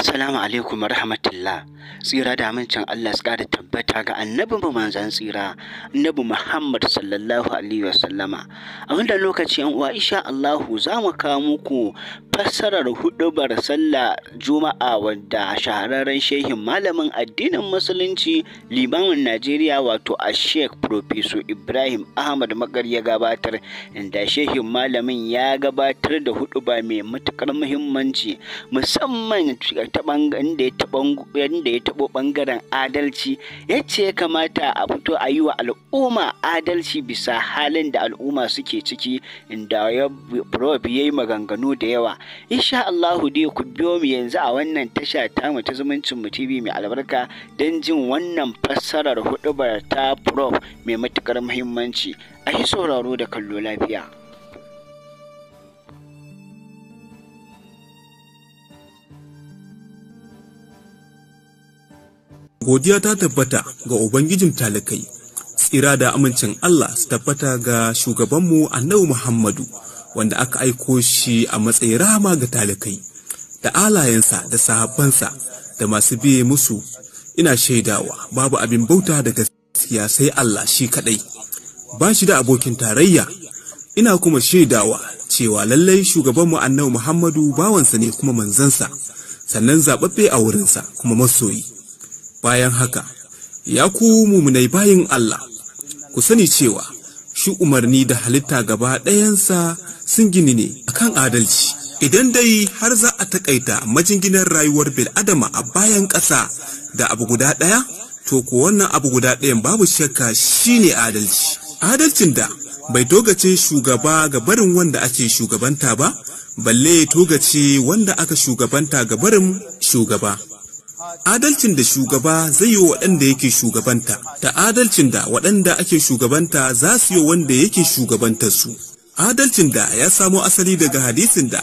Assalamu alaikum rahmatullah tsira da amincin Allah su ƙara tabbata ga mu manzan tsira annabi Muhammad sallallahu alaihi wa sallama. a wanda lokaci an uwa insha Allah za mu kawo muku fassarar hudubar sallah juma'a wadda shahararren shehin malamin addinin musulunci limamin Najeriya wato a Sheikh Professor Ibrahim Ahmad Magar ya gabatar inda shehin malamin ya gabatar da huɗuba mai matukar muhimmanci musamman ya taɓo ɓangaren adalci ya ce ya kamata a fito a yi wa al'umma adalci bisa halin da al'umma suke ciki inda ya yi maganganu da yawa insha Allahu dai ku biyo mu yanzu a wannan tasha mu ta zumuncin mu TV mai albarka don jin wannan fassarar huɗubar ta prof mai matukar muhimmanci a yi sauraro da kallo lafiya godiya ta tabbata ga ubangijin talakai tsira da amincin Allah su tabbata ga shugabanmu annabi Muhammadu wanda aka aiko shi a matsayin rama ga talakai da alayensa da sahabbansa da masu biye musu ina shaidawa babu abin bauta da gaskiya sai Allah shi kaɗai, ba shi da abokin tarayya ina kuma shaidawa cewa lallai shugabanmu annabi Muhammadu bawansa ne kuma manzansa sannan zaɓaɓɓe a wurinsa kuma masoyi bayan haka ya ku mumunai bayin Allah ku sani cewa shi umarni da halitta gaba ɗayansa sun gini ne akan adalci idan dai har za a takaita majinginar rayuwar bil'adama a bayan ƙasa da abu guda ɗaya to ku wannan abu guda ɗayan babu shakka shine adalci adalcin da bai togace shugaba ga barin wanda ake shugabanta ba balle togace wanda aka shugabanta ga barin shugaba adalcin da shugaba zai yi waɗanda yake shugabanta da adalcin da waɗanda ake shugabanta za su yi wanda yake shugabantarsu adalcin da ya samo asali daga hadisin da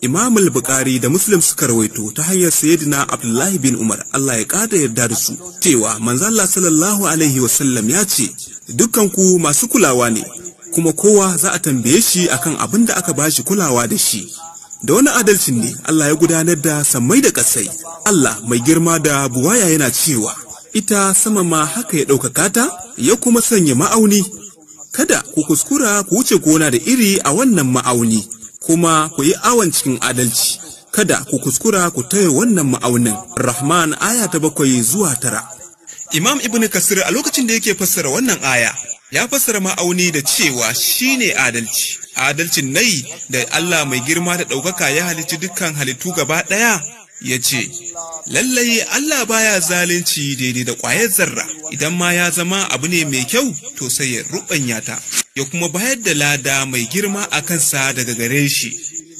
imam bukari da muslim suka rawaito ta hanyar sayyidina abdullahi bin umar allah ya ƙada yarda da su cewa manzo allah sallallahu alaihi wasallam ya ce dukkanku masu kulawa ne kuma kowa za a tambaye shi akan abin da aka bashi kulawa da shi da wani adalci ne Allah ya gudanar da sammai da ƙasai Allah mai girma da buwaya yana cewa ita sama ma haka ya ɗaukaka ta ya kuma sanya ma'auni kada ku kuskura ku wuce gona da iri a wannan ma'auni kuma ku yi awon cikin adalci kada ku kuskura ku taya wannan ma'aunin rahman aya ta bakwai zuwa tara imam ibn kasir a lokacin da yake fassara wannan aya ya fassara ma'auni da cewa shine adalci adalcin nai da Allah mai girma da ɗaukaka ya halicci dukkan halittu gaba ɗaya ya ce lallai Allah baya zalunci daidai da ƙwayar zarra idan ma ya zama abu ne mai kyau to sai ya ruɓanya ta ya kuma bayar da lada mai girma a kansa daga gare shi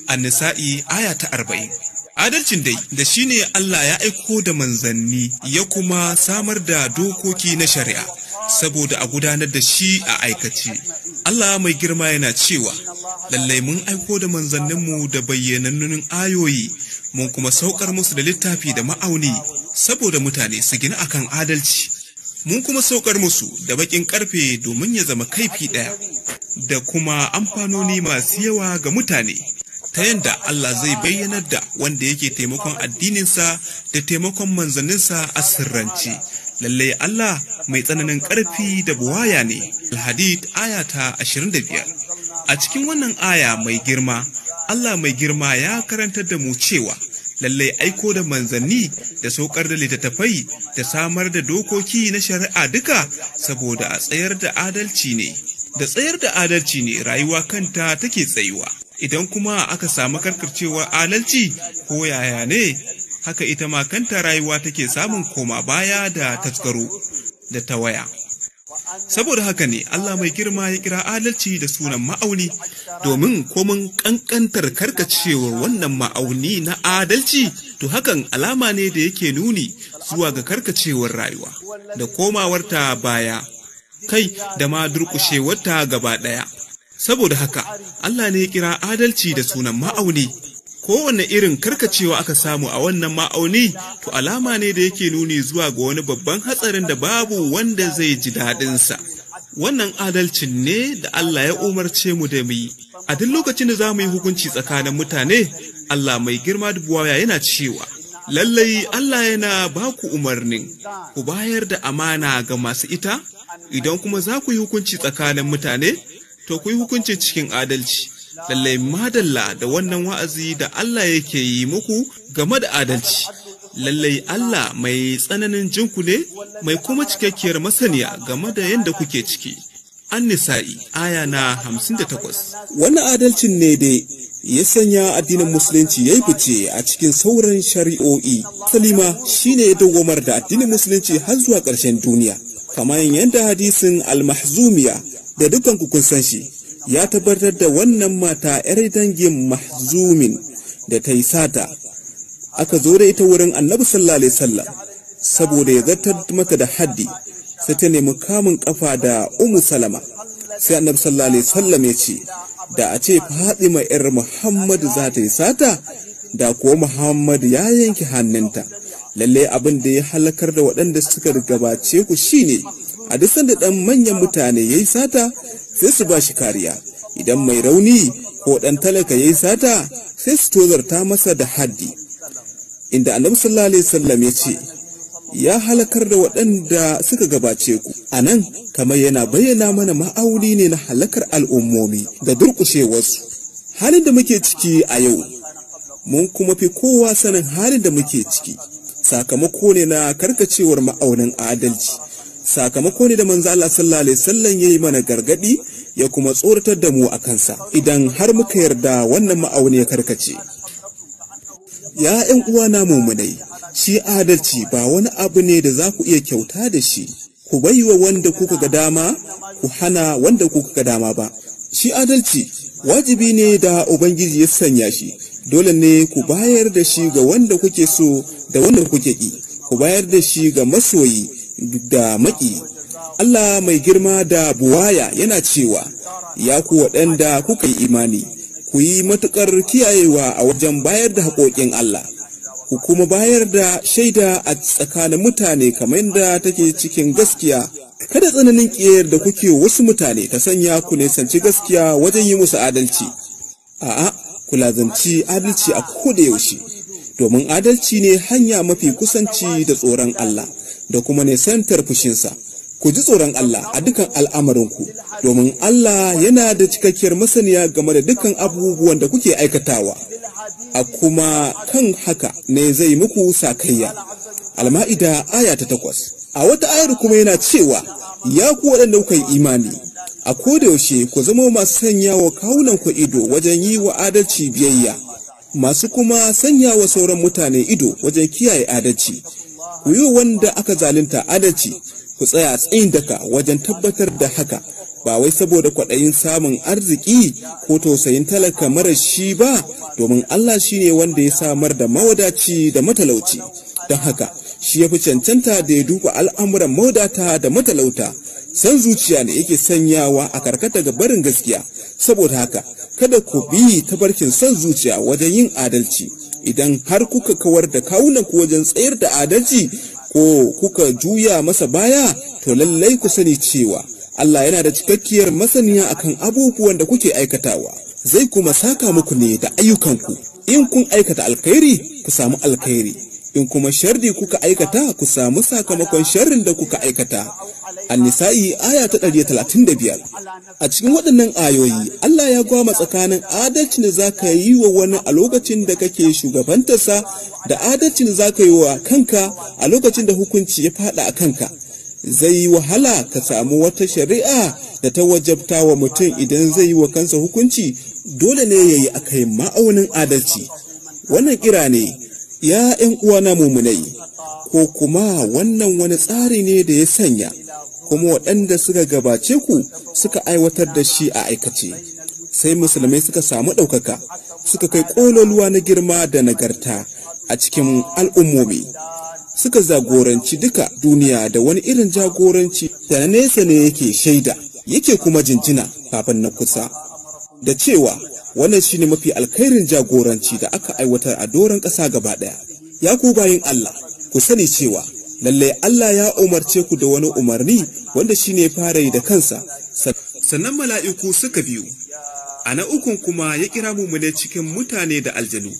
annisa'i aya ta arba'in adalcin dai da shine Allah ya aiko da manzanni ya kuma samar da dokoki na shari'a saboda a gudanar da shi a aikace. Allah mai girma yana cewa, lallai mun aiko da manzanninmu da bayyanannun ayoyi, mun kuma saukar musu da littafi da ma'auni, saboda mutane su gina a kan adalci. Mun kuma saukar musu da baƙin ƙarfe domin ya zama kaifi ɗaya, da kuma amfanoni masu yawa ga mutane. ta yadda Allah zai bayyanar da wanda yake taimakon addininsa da taimakon manzanninsa a sirrance. lallai Allah mai tsananin ƙarfi da buwaya ne Ayata ashirin da biyar. a cikin wannan aya mai girma Allah mai girma ya karantar da mu cewa lallai aiko da manzanni da saukar da littattafai da samar da dokoki na shari'a duka saboda a tsayar da adalci ne da tsayar da adalci ne rayuwa kanta take tsayuwa idan kuma aka samu karkarcewar adalci ko yaya ne haka ita ma kanta rayuwa take samun koma baya da tasgaro da ta waya. Saboda haka ne Allah mai girma ya kira adalci da sunan ma'auni domin komin ƙanƙantar karkacewar wannan ma'auni na adalci to hakan alama ne da yake nuni zuwa ga karkacewar rayuwa da komawarta baya kai da ma durƙushewarta gaba ɗaya. Saboda haka Allah ne ya kira adalci da sunan ma'auni kowane irin karkacewa aka samu a wannan ma'auni to alama ne da yake nuni zuwa ga wani babban hatsarin da babu wanda zai ji daɗinsa. Wannan adalcin ne da Allah ya umarce mu da mu yi. A duk lokacin da za mu yi hukunci tsakanin mutane, Allah mai girma buwaya yana cewa, Lallai Allah yana ba ku umarnin, ku bayar da amana ga masu ita, idan kuma za ku yi hukunci tsakanin mutane, to ku yi hukunci cikin adalci. lallai madalla da wannan wa'azi da Allah yake yi muku game da adalci lallai Allah mai tsananin jinku ne mai kuma cikakkiyar masaniya game da yadda kuke ciki an nisa'i aya na 58 Wani adalcin ne dai ya sanya addinin musulunci ya yi fice a cikin sauran shari'o'i salima shine ya dawwamar da addinin musulunci har zuwa ƙarshen duniya kamar yadda hadisin almahzumiya da dukkan kun san shi ya tabbatar da wannan mata 'yar dangin mahzumin da ta yi sata aka zo da ita wurin annabi sallallahu alaihi wasallam saboda ya zartar mata da haddi sai ta nemi kamun kafa da umu salama sai annabi sallallahu alaihi wasallam ya ce da a ce fatima yar Muhammadu za ta yi sata da kuwa Muhammadu ya yanke hannunta lalle abin da ya halakar da waɗanda suka gabace ku shine a duk sanda ɗan manyan mutane ya yi sata sai su ba shi kariya idan mai rauni ko ɗan talaka ya yi sata sai su tozarta masa da haddi inda annabi sallallahu alaihi wasallam ya ce ya halakar da waɗanda suka gabace ku a nan kamar yana bayyana mana ma'auni ne na halakar al'ummomi da durƙushewarsu halin da muke ciki a yau mun kuma fi kowa sanin halin da muke ciki sakamako ne na karkacewar ma'aunin adalci sakamako ne da manzo Allah sallallahu alaihi wasallam yayi mana gargadi ya kuma tsoratar da mu a kansa idan har muka yarda wannan ma'auni ya karkace ya ƴan uwana mumunai shi adalci ba wani abu ne da za ku iya kyauta da shi ku baiwa wanda kuka ga dama ku hana wanda kuka ga dama ba shi adalci wajibi ne da ubangiji ya sanya shi dole ne ku bayar da shi ga wanda kuke so da wanda kuke ki ku bayar da shi ga masoyi da maki Allah mai girma da buwaya yana cewa ya ku waɗanda kuka yi imani ku yi matuƙar kiyayewa a wajen bayar da haƙoƙin Allah ku kuma bayar da shaida a tsakanin mutane kamar yadda take cikin gaskiya kada tsananin ƙiyar da kuke wasu mutane ta sanya ku nisanci gaskiya wajen yi musu adalci a'a ku lazanci adalci a kodayaushe yaushe domin adalci ne hanya mafi kusanci da tsoron Allah da kuma nisantar fushinsa ku ji tsoron Allah a dukan al'amarinku domin Allah yana da cikakkiyar masaniya game da dukan abubuwan da kuke aikatawa a kuma kan haka ne zai muku sakayya alma'ida aya ta takwas a wata ayar kuma yana cewa ya ku waɗanda kuka yi imani a kodayaushe ku zama masu sanya wa kawunan ku ido wajen yi wa adalci biyayya masu kuma sanya wa sauran mutane ido wajen kiyaye adalci ku yi wanda aka zalunta adalci ku tsaya tsayin daka wajen tabbatar da haka ba wai saboda kwaɗayin samun arziki ko tausayin talaka mara shi ba domin Allah shi ne wanda ya samar da mawadaci da matalauci don haka shi ya fi cancanta da ya duba al'amuran mawadata da matalauta san zuciya ne yake sanyawa a karkata ga barin gaskiya saboda haka kada ku bi ta barkin san zuciya wajen yin adalci idan har kuka kawar da ku wajen tsayar da adalci ko kuka juya masa baya to lallai ku sani cewa Allah yana da cikakkiyar masaniya akan abubuwan da kuke aikatawa zai kuma saka muku ne da ayyukanku in kun aikata alkhairi ku samu alkhairi in kuma sharri kuka aikata ku samu sakamakon sharrin da kuka aikata annisa'i aya ta biyar. a cikin waɗannan ayoyi Allah ya gwama tsakanin adalcin da za ka yi wa wani a lokacin da kake shugabantarsa da adalcin da za ka yi wa kanka a lokacin da hukunci ya faɗa a kanka zai yi wahala ka samu wata shari'a da ta wajabta wa mutum idan zai yi wa kansa hukunci dole ne ya yi a kai ma'aunin adalci wannan kira ne ya uwa na mumunai ko kuma wannan wani tsari ne da ya sanya kuma waɗanda suka gabace ku suka aiwatar da shi a aikace sai musulmai suka samu ɗaukaka suka kai ƙololuwa na girma da nagarta a cikin al'ummomi suka jagoranci duka duniya da wani irin jagoranci da na nesa ne yake shaida yake kuma jinjina kafin na kusa da cewa wannan shine mafi alkhairin jagoranci da aka aiwatar a doron ƙasa gaba ɗaya ya ku bayin Allah ku sani cewa lallai Allah ya umarce ku da wani umarni wanda shine fara yi da kansa sannan mala'iku suka biyu a na ukun kuma ya kira mumune cikin mutane da aljanu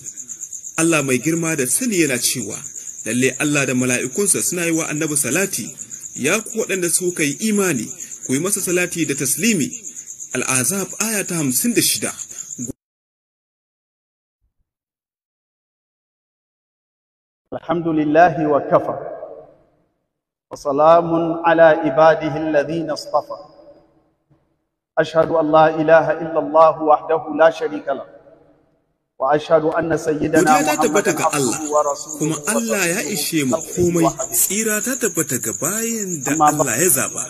Allah mai girma da sani yana cewa lallai Allah da mala'ikunsa suna yi wa annabi salati ya ku waɗanda suka yi imani ku yi masa salati da taslimi al'azab aya ta hamsin da shida alhamdulillahi wa kafa wa salamun ala ibadihi alladhina istafa ashhadu an la ilaha allah wahdahu la sharika lahu wa ashhadu anna sayyidana Allah kuma Allah ya ishe mu komai tsira ta tabbata ga bayan da Allah ya zaba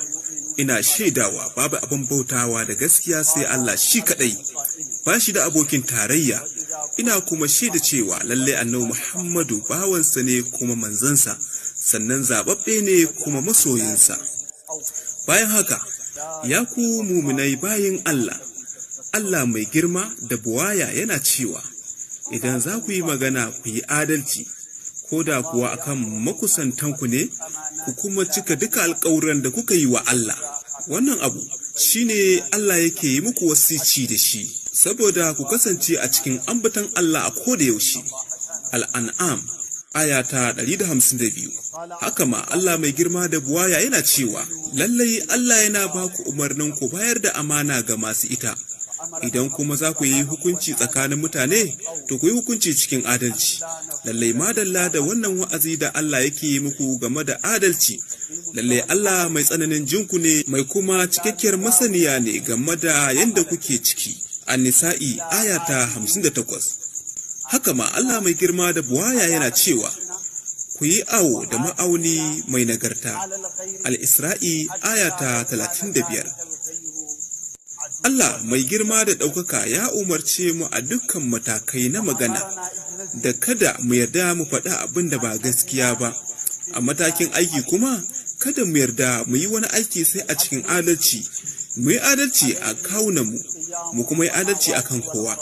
ina shaidawa babu abin bautawa da gaskiya sai Allah shi kadai ba shi da abokin tarayya ina kuma shaida cewa lalle annabi Muhammadu bawansa ne kuma manzansa sannan zababbe ne kuma masoyinsa bayan haka ya ku muminai bayin Allah Allah mai girma da buwaya yana cewa idan za ku yi magana ku yi adalci ko da kuwa akan makusantanku ne ku kuma cika duka alkawuran da kuka yi wa Allah wannan abu shine Allah yake yi muku wasici da shi saboda ku kasance a cikin ambatan Allah a ko da yaushe al'an'am aya ta biyu, haka ma Allah mai girma da buwaya yana cewa lallai Allah yana ba ku umarnin ku bayar da amana ga masu ita idan kuma za ku yi hukunci tsakanin mutane to ku yi hukunci cikin adalci lallai madalla da wannan wa'azi da Allah yake muku game da adalci lallai Allah mai tsananin jinku ne mai kuma cikakkiyar masaniya ne game da yadda kuke ciki annisa'i aya ta 58 haka ma Allah mai girma da buwaya yana cewa ku yi awo da ma'auni mai nagarta al-isra'i aya ta biyar. Allah mai girma da ɗaukaka ya umarce mu a dukkan matakai na magana da kada mu yarda mu faɗa abin da ba gaskiya ba a matakin aiki kuma kada mu yarda mu yi wani aiki sai a cikin adalci mu yi adalci a kawunanmu mu kuma yi adalci a kan kowa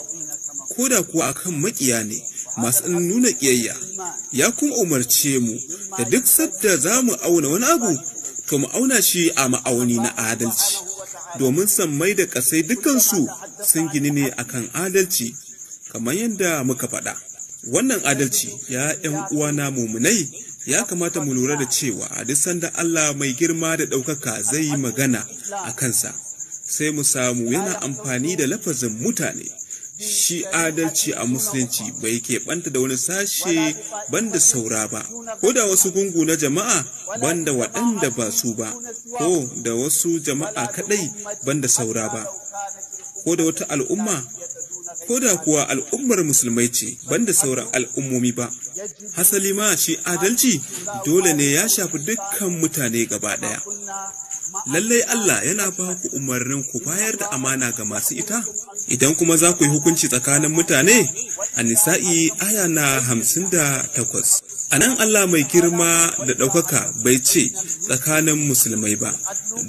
ko da kuwa akan makiya ne masu nuna ƙiyayya ya kuma umarce mu da duk sadda za mu auna wani abu to mu auna shi a ma'auni na adalci domin sammai da ƙasai dukansu sun gini ne akan adalci kamar yadda muka faɗa. wannan adalci ya yan na mumunai ya kamata mu lura da cewa a duk sanda Allah mai girma da ɗaukaka zai yi magana a kansa sai mu samu yana amfani da lafazin mutane shi adalci a musulunci bai keɓanta da wani sashe banda saura ba ko da wasu gungu na jama'a banda waɗanda ba su ba ko da wasu jama'a kaɗai banda saura ba ko da wata al'umma ko da kuwa al'ummar musulmai ce banda sauran al'ummomi ba hasali ma shi adalci dole ne ya shafi dukkan mutane gaba ɗaya lallai Allah yana ba ku umarnin ku bayar da amana ga masu ita idan kuma za ku yi hukunci tsakanin mutane a nisa'i aya na hamsin da takwas a nan Allah mai girma da ɗaukaka bai ce tsakanin musulmai ba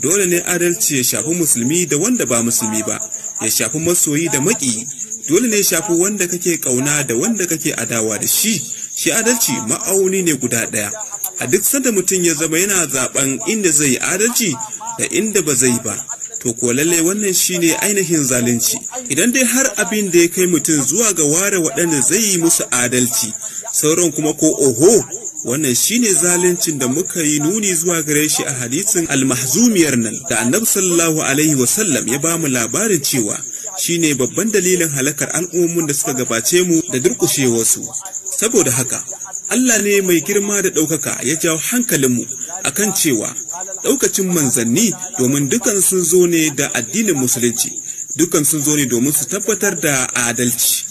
dole ne adalci ya shafi musulmi da wanda ba musulmi ba ya shafi masoyi da maƙi dole ne shafi wanda kake kauna da wanda kake adawa da shi shi adalci ma'auni ne guda ɗaya a duk sanda mutum ya zama yana zaben inda zai yi adalci da inda ba zai ba to ko lalle wannan shine ainihin zalunci idan dai har abin da ya kai mutum zuwa ga ware waɗanda zai yi musu adalci sauran kuma ko oho wannan shine zaluncin da muka yi nuni zuwa gare shi a hadisin almahzumiyar nan da annabi sallallahu alaihi wasallam ya bamu labarin cewa shine babban dalilin halakar al'ummomin da suka gabace mu da durƙushewarsu saboda haka Allah ne mai girma da ɗaukaka ya jawo hankalinmu a kan cewa ɗaukacin manzanni domin dukan sun zo ne da addinin musulunci dukan sun zo ne domin su tabbatar da adalci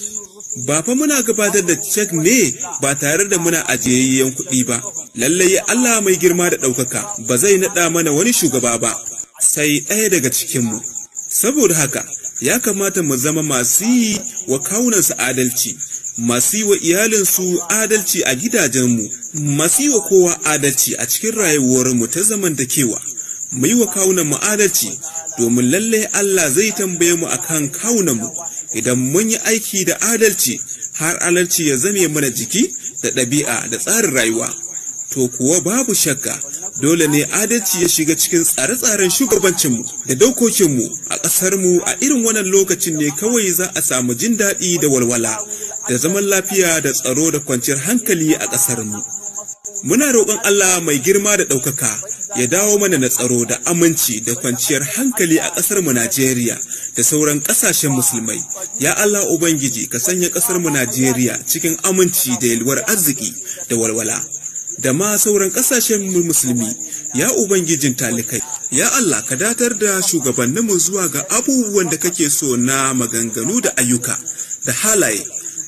ba fa muna gabatar da cek ne ba tare da muna ajiyayyen kuɗi ba lallai Allah mai girma da ɗaukaka ba zai naɗa mana wani shugaba ba sai ɗaya daga cikinmu saboda haka ya kamata mu zama masu yi wa kaunansu adalci masu yi wa iyalinsu adalci a gidajenmu masu yi wa kowa adalci a cikin rayuwarmu ta zamantakewa mu yi wa mu adalci domin lallai Allah zai tambaye mu a akan mu idan mun yi aiki da adalci har adalci ya zame mana jiki da ɗabi'a da tsarin rayuwa to kuwa babu shakka dole ne adalci ya shiga cikin tsare-tsaren shugabancinmu da dokokinmu a ƙasarmu a irin wannan lokacin ne kawai za a samu jin daɗi da walwala da zaman lafiya da tsaro da kwanciyar hankali a ƙasarmu. Muna roƙon Allah mai girma da ɗaukaka ya dawo mana na tsaro da aminci da kwanciyar hankali a ƙasarmu Najeriya da sauran ƙasashen musulmai. Ya Allah Ubangiji ka sanya ƙasarmu Najeriya cikin aminci da yalwar arziki da walwala. da ma sauran ƙasashen musulmi ya ubangijin talikai ya Allah ka datar da shugabanninmu zuwa ga abubuwan da kake so na maganganu da ayyuka da halaye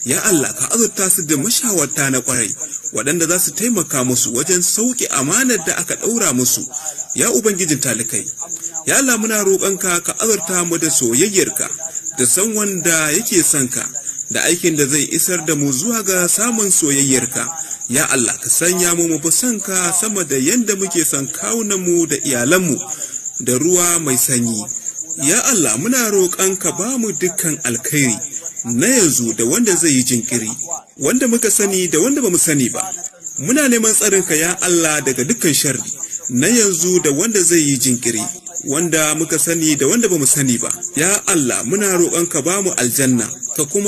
ya Allah ka azurta su da mashawarta na kwarai waɗanda za su taimaka musu wajen sauƙi amanar da aka ɗaura musu ya ubangijin talikai ya Allah muna roƙonka ka azurta mu da soyayyarka da san wanda yake son ka da aikin da zai isar da mu zuwa ga samun soyayyarka ya Allah ka sanya mu mu ka sama da yadda muke son kawunanmu da iyalanmu da ruwa mai sanyi ya Allah muna roƙon ka ba mu dukkan alkhairi na yanzu da wanda zai yi jinkiri wanda muka sani da wanda ba mu sani ba muna neman tsarinka ya Allah daga dukkan sharri na yanzu da wanda zai yi jinkiri wanda muka sani da wanda ba mu sani ba ya Allah muna roƙon ka ba mu aljanna Ka kuma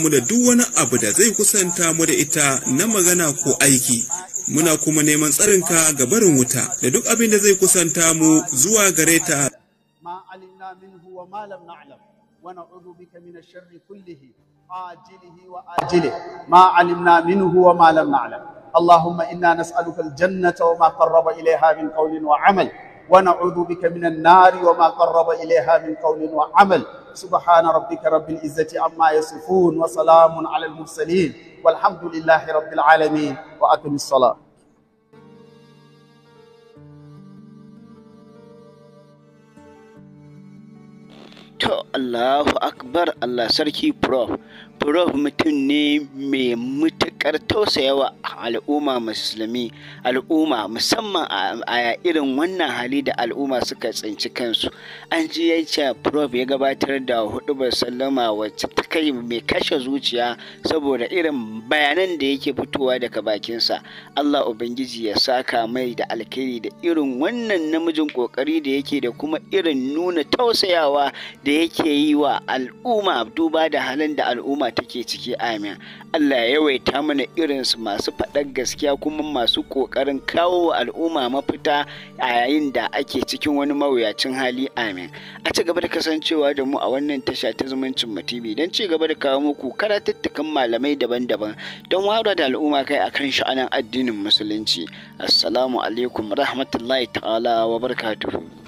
mu da duk wani abu da zai kusanta mu da ita na magana ko aiki, muna kuma neman tsarinka ga barin wuta da duk abin da zai kusanta mu zuwa gareta. Ma'aikatan na daga cikin wani abu ya faru. Ma'aikatan na daga cikin wani abu ya faru. Allahumma ina na tsalukar jannatar ma farraba ilai haɓin ƙaunin wa Amin. ونعوذ بك من النار وما قرب إليها من قول وعمل سبحان ربك رب العزة عما يصفون وسلام على المرسلين والحمد لله رب العالمين وأقم الصلاة to Allahu Akbar Allah sarki prof prof mutum ne mai matuƙar tausayawa al'umma musulmi al'umma musamman a irin wannan hali da al'umma suka tsinci kansu an ji yacca prof ya gabatar da ba sallama wacce ta kai mai kashe zuciya saboda irin bayanan da yake fitowa daga bakinsa allah ubangiji ya saka mai da alkhairi da irin wannan namijin kokari da yake da kuma irin nuna tausayawa da yake yi wa al'umma duba da halin da al'umma take ciki amin allah ya yawaita mana irinsu masu faɗar gaskiya kuma masu ƙoƙarin kawo wa al'umma mafita a yayin da ake cikin wani mawuyacin hali amin a ci gaba da kasancewa da mu a wannan tasha ta zumuncin mu tv don ci gaba da kawo muku karatattukan malamai daban-daban don wara da al'umma kai a kan sha'anin addinin musulunci assalamu alaikum rahmatullahi ta'ala wa barakatuhu